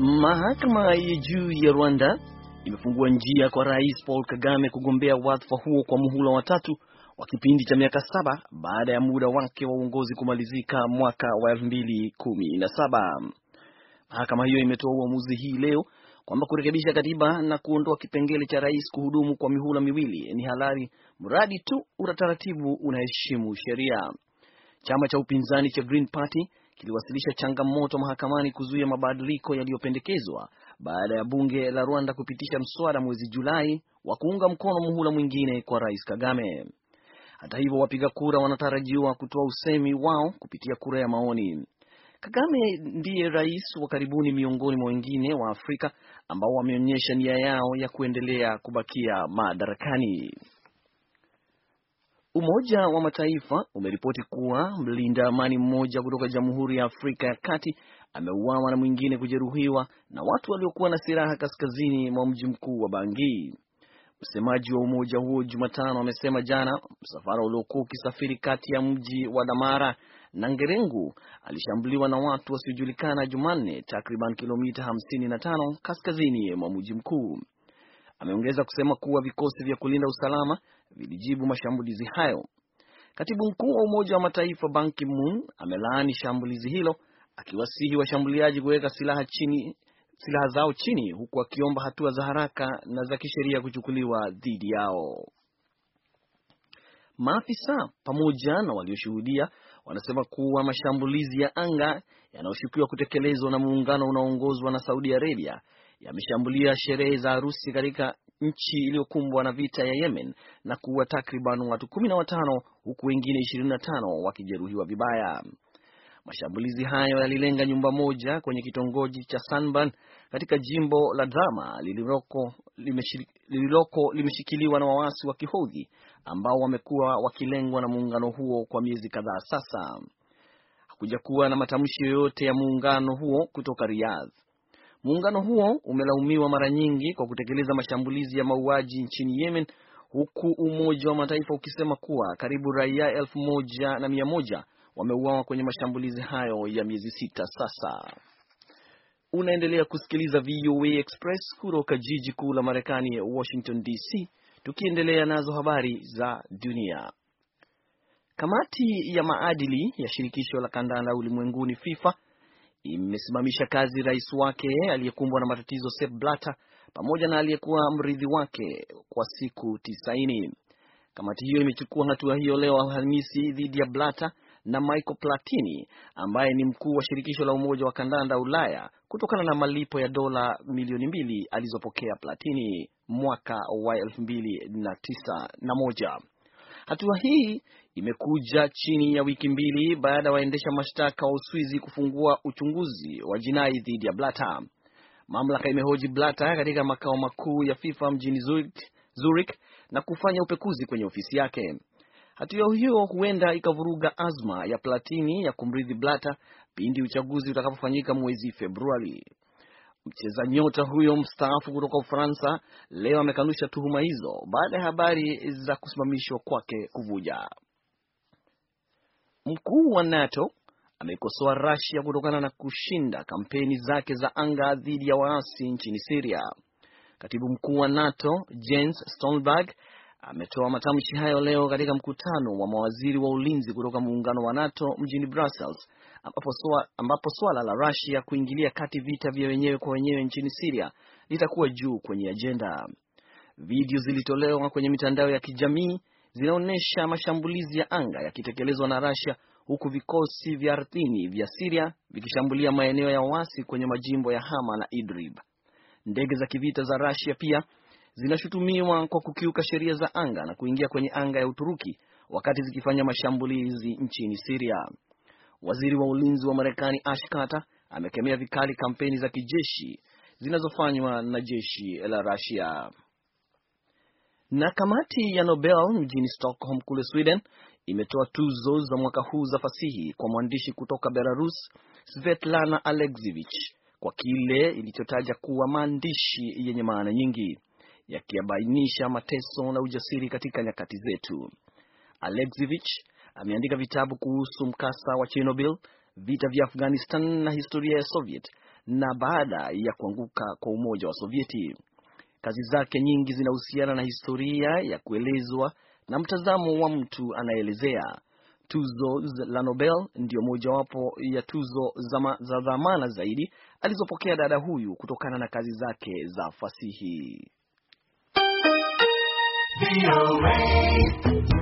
Mahakama ya juu ya Rwanda imefungua njia kwa Rais Paul Kagame kugombea wadhifa huo kwa muhula wa tatu wa kipindi cha miaka saba baada ya muda wake wa uongozi kumalizika mwaka wa saba. Mahakama hiyo imetoa uamuzi hii leo kwamba kurekebisha katiba na kuondoa kipengele cha rais kuhudumu kwa mihula miwili ni halali mradi tu utaratibu unaheshimu sheria. Chama cha upinzani cha Green Party kiliwasilisha changamoto mahakamani kuzuia mabadiliko yaliyopendekezwa baada ya bunge la Rwanda kupitisha mswada mwezi Julai wa kuunga mkono muhula mwingine kwa Rais Kagame. Hata hivyo, wapiga kura wanatarajiwa kutoa usemi wao kupitia kura ya maoni. Kagame ndiye rais wa karibuni miongoni mwa wengine wa Afrika ambao wameonyesha nia yao ya kuendelea kubakia madarakani. Umoja wa Mataifa umeripoti kuwa mlinda amani mmoja kutoka Jamhuri ya Afrika ya Kati ameuawa na mwingine kujeruhiwa na watu waliokuwa na silaha kaskazini mwa mji mkuu wa Bangui. Msemaji wa umoja huo Jumatano amesema jana msafara uliokuwa ukisafiri kati ya mji wa Damara na Ngerengu alishambuliwa na watu wasiojulikana Jumanne, takriban kilomita 55 kaskazini mwa mji mkuu. Ameongeza kusema kuwa vikosi vya kulinda usalama vilijibu mashambulizi hayo. Katibu mkuu wa Umoja wa Mataifa Ban Ki-moon amelaani shambulizi hilo akiwasihi washambuliaji kuweka silaha chini, silaha zao chini huku akiomba hatua za haraka na za kisheria kuchukuliwa dhidi yao. Maafisa pamoja na walioshuhudia wanasema kuwa mashambulizi ya anga yanayoshukiwa kutekelezwa na muungano unaoongozwa na Saudi Arabia yameshambulia sherehe za harusi katika nchi iliyokumbwa na vita ya Yemen na kuua takriban watu kumi na watano huku wengine ishirini na tano wakijeruhiwa vibaya. Mashambulizi hayo yalilenga nyumba moja kwenye kitongoji cha Sanban katika jimbo la Drama lililoko limeshikiliwa na waasi wa Kihoudhi ambao wamekuwa wakilengwa na muungano huo kwa miezi kadhaa sasa. Hakuja kuwa na matamshi yoyote ya muungano huo kutoka Riyadh. Muungano huo umelaumiwa mara nyingi kwa kutekeleza mashambulizi ya mauaji nchini Yemen, huku Umoja wa Mataifa ukisema kuwa karibu raia elfu moja na mia moja wameuawa kwenye mashambulizi hayo ya miezi sita sasa. Unaendelea kusikiliza VOA Express kutoka jiji kuu la Marekani, Washington DC, tukiendelea nazo habari za dunia. Kamati ya maadili ya shirikisho la kandanda ulimwenguni FIFA imesimamisha kazi rais wake aliyekumbwa na matatizo Sepp Blatter pamoja na aliyekuwa mrithi wake kwa siku tisaini. Kamati hiyo imechukua hatua hiyo leo Alhamisi dhidi ya Blatter na Michael Platini ambaye ni mkuu wa shirikisho la umoja wa kandanda Ulaya kutokana na malipo ya dola milioni mbili alizopokea Platini mwaka wa elfu mbili na tisa na moja. Hatua hii imekuja chini ya wiki mbili baada ya waendesha mashtaka wa Uswizi kufungua uchunguzi wa jinai dhidi ya Blatter. Mamlaka imehoji Blatter katika makao makuu ya FIFA mjini Zurich, Zurich na kufanya upekuzi kwenye ofisi yake. Hatua hiyo huenda ikavuruga azma ya Platini ya kumrithi Blatter pindi uchaguzi utakapofanyika mwezi Februari. Mcheza nyota huyo mstaafu kutoka Ufaransa leo amekanusha tuhuma hizo baada ya habari za kusimamishwa kwake kuvuja. Mkuu wa NATO amekosoa Russia kutokana na kushinda kampeni zake za anga dhidi ya waasi nchini Syria. Katibu mkuu wa NATO Jens Stoltenberg ametoa matamshi hayo leo katika mkutano wa mawaziri wa ulinzi kutoka muungano wa NATO mjini Brussels, ambapo swala, la Russia kuingilia kati vita vya wenyewe kwa wenyewe nchini Syria litakuwa juu kwenye ajenda. Video zilitolewa kwenye mitandao ya kijamii zinaonyesha mashambulizi ya anga yakitekelezwa na Russia huku vikosi vya ardhini vya Syria vikishambulia maeneo ya wasi kwenye majimbo ya Hama na Idlib. Ndege za kivita za Russia pia zinashutumiwa kwa kukiuka sheria za anga na kuingia kwenye anga ya Uturuki wakati zikifanya mashambulizi nchini Siria. Waziri wa ulinzi wa Marekani Ash Carter amekemea vikali kampeni za kijeshi zinazofanywa na jeshi la Rusia. Na kamati ya Nobel mjini Stockholm kule Sweden imetoa tuzo za mwaka huu za fasihi kwa mwandishi kutoka Belarus Svetlana Alexievich kwa kile ilichotaja kuwa maandishi yenye maana nyingi yakiabainisha mateso na ujasiri katika nyakati zetu. Alexievich ameandika vitabu kuhusu mkasa wa Chernobyl, vita vya Afghanistan na historia ya Soviet na baada ya kuanguka kwa Umoja wa Sovieti. Kazi zake nyingi zinahusiana na historia ya kuelezwa na mtazamo wa mtu anaelezea. Tuzo la Nobel ndiyo mojawapo ya tuzo zama, za dhamana zaidi alizopokea dada huyu kutokana na kazi zake za fasihi. VOA.